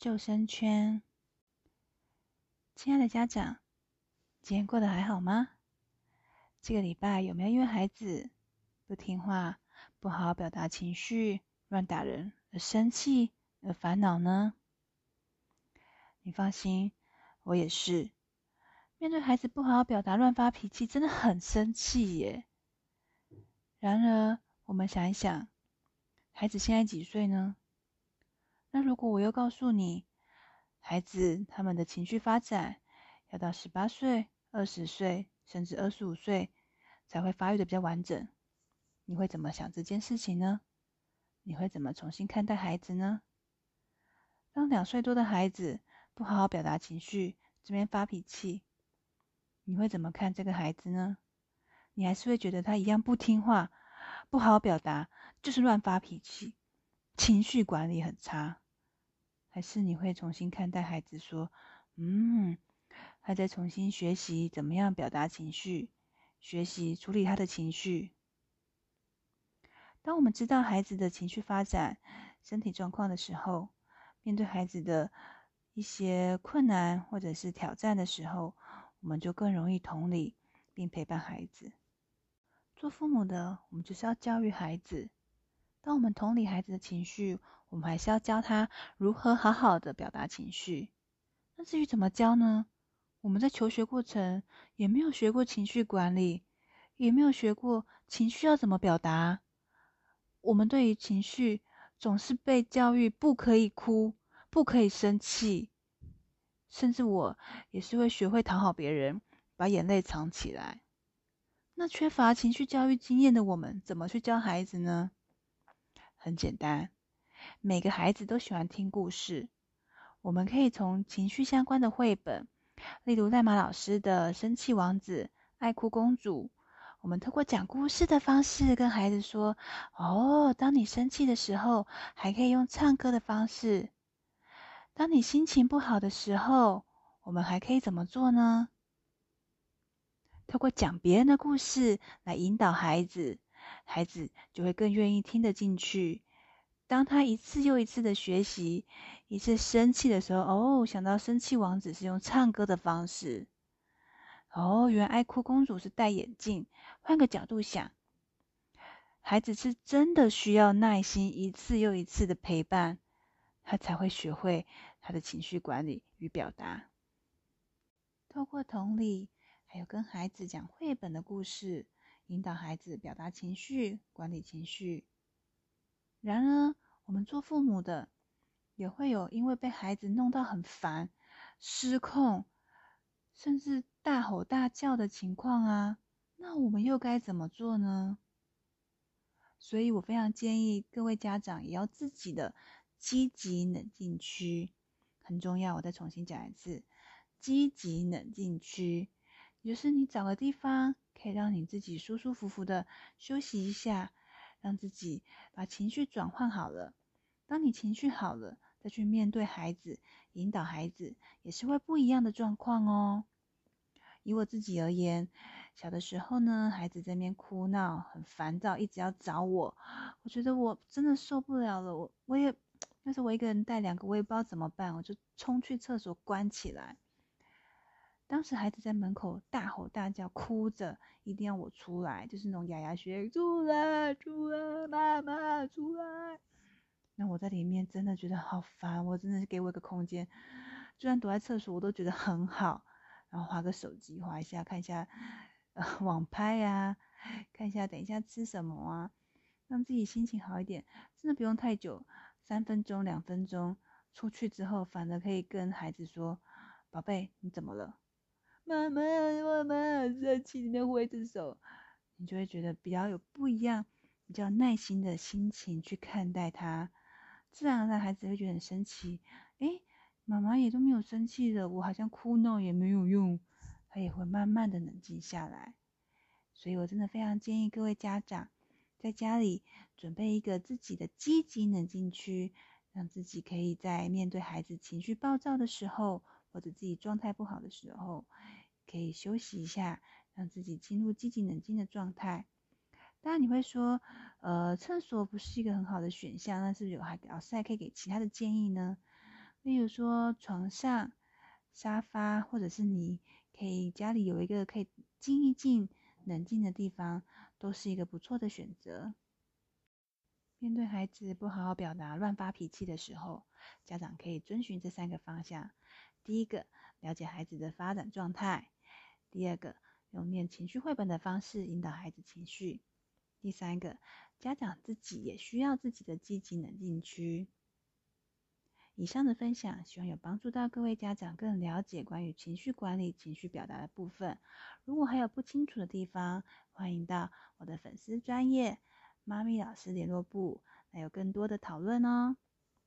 救生圈，親愛的家長，今天過得還好嗎？這個禮拜有沒有因為孩子不聽話、不好好表達情緒、亂打人而生氣、而煩惱呢？你放心，我也是，面對孩子不好好表達、亂發脾氣，真的很生氣耶。然而，我們想一想，孩子現在幾歲呢？那如果我又告訴你，孩子他們的情緒發展要到十八歲、二十歲，甚至二十五歲才會發育得比較完整，你會怎麼想這件事情呢？你會怎麼重新看待孩子呢？當兩歲多的孩子不好好表達情緒，這邊發脾氣，你會怎麼看這個孩子呢？你還是會覺得他一樣不聽話，不好好表達，就是亂發脾氣，情緒管理很差，還是你會重新看待孩子，說，嗯，他在重新學習怎麼樣表達情緒，學習處理他的情緒。當我們知道孩子的情緒發展、身體狀況的時候，面對孩子的一些困難或者是挑戰的時候，我們就更容易同理並陪伴孩子。做父母的，我們就是要教育孩子。當我們同理孩子的情緒，我們還是要教他如何好好的表達情緒。那至於怎麼教呢？我們在求學過程也沒有學過情緒管理，也沒有學過情緒要怎麼表達。我們對於情緒總是被教育不可以哭，不可以生氣，甚至我也是會學會討好別人，把眼淚藏起來。那缺乏情緒教育經驗的我們，怎麼去教孩子呢？很簡單，每個孩子都喜歡聽故事。我們可以從情緒相關的繪本，例如賴馬老師的《生氣王子》《愛哭公主》，我們透過講故事的方式跟孩子說：“哦，當你生氣的時候，還可以用唱歌的方式。”當你心情不好的時候，我們還可以怎麼做呢？透過講別人的故事來引導孩子。孩子就會更願意聽得進去。當他一次又一次的學習，一次生氣的時候，哦，想到生氣王子是用唱歌的方式，哦，原來愛哭公主是戴眼鏡。換個角度想，孩子是真的需要耐心，一次又一次的陪伴，他才會學會他的情緒管理與表達。透過同理，還有跟孩子講繪本的故事。引導孩子表達情緒、管理情緒。然而，我們做父母的也會有因為被孩子弄到很煩、失控，甚至大吼大叫的情況啊。那我們又該怎麼做呢？所以，我非常建議各位家長也要自己的積極冷靜區，很重要。我再重新講一次，積極冷靜區。就是你找個地方，可以讓你自己舒舒服服的休息一下，讓自己把情緒轉換好了。當你情緒好了，再去面對孩子，引導孩子，也是會不一樣的狀況哦。以我自己而言，小的時候呢，孩子在那邊哭鬧，很煩躁，一直要找我，我覺得我真的受不了了。我我也，要是我一個人帶兩個我也不知道怎麼辦？我就衝去廁所關起來。當時孩子在門口大吼大叫，哭着一定要我出來，就是那種牙牙學語：“出來，出來，媽媽出來。”那我在裡面真的覺得好煩，我真的是給我一個空間，就算躲在廁所我都覺得很好。然後滑個手機，滑一下，看一下、呃、網拍呀、啊，看一下等一下吃什麼啊，讓自己心情好一點。真的不用太久，三分鐘、兩分鐘，出去之後反而可以跟孩子說：“寶貝，你怎麼了？”媽媽，媽媽在氣裡面揮着手，你就會覺得比較有不一樣，比較耐心的心情去看待它。自然而然孩子會覺得很神奇。誒，媽媽也都沒有生氣了，我好像哭鬧也沒有用，他也會慢慢的冷靜下來。所以我真的非常建議各位家長在家裡準備一個自己的積極冷靜區，讓自己可以在面對孩子情緒暴躁的時候，或者自己狀態不好的時候。可以休息一下，讓自己進入積極冷靜的狀態。當然，你會說，呃，廁所不是一個很好的選項。那是不是有還，老師還可以給其他的建議呢？例如說，床上、沙發，或者是你可以家裡有一個可以靜一靜、冷靜的地方，都是一個不錯的選擇。面對孩子不好好表達、亂發脾氣的時候，家長可以遵循這三個方向。第一個，了解孩子的發展狀態。第二個，用念情緒繪本的方式引導孩子情緒；第三個，家長自己也需要自己的積極冷靜區。以上的分享，希望有幫助到各位家長，更了解關於情緒管理、情緒表達的部分。如果還有不清楚的地方，歡迎到我的粉絲專頁媽咪老師聯絡部，來有更多的討論哦。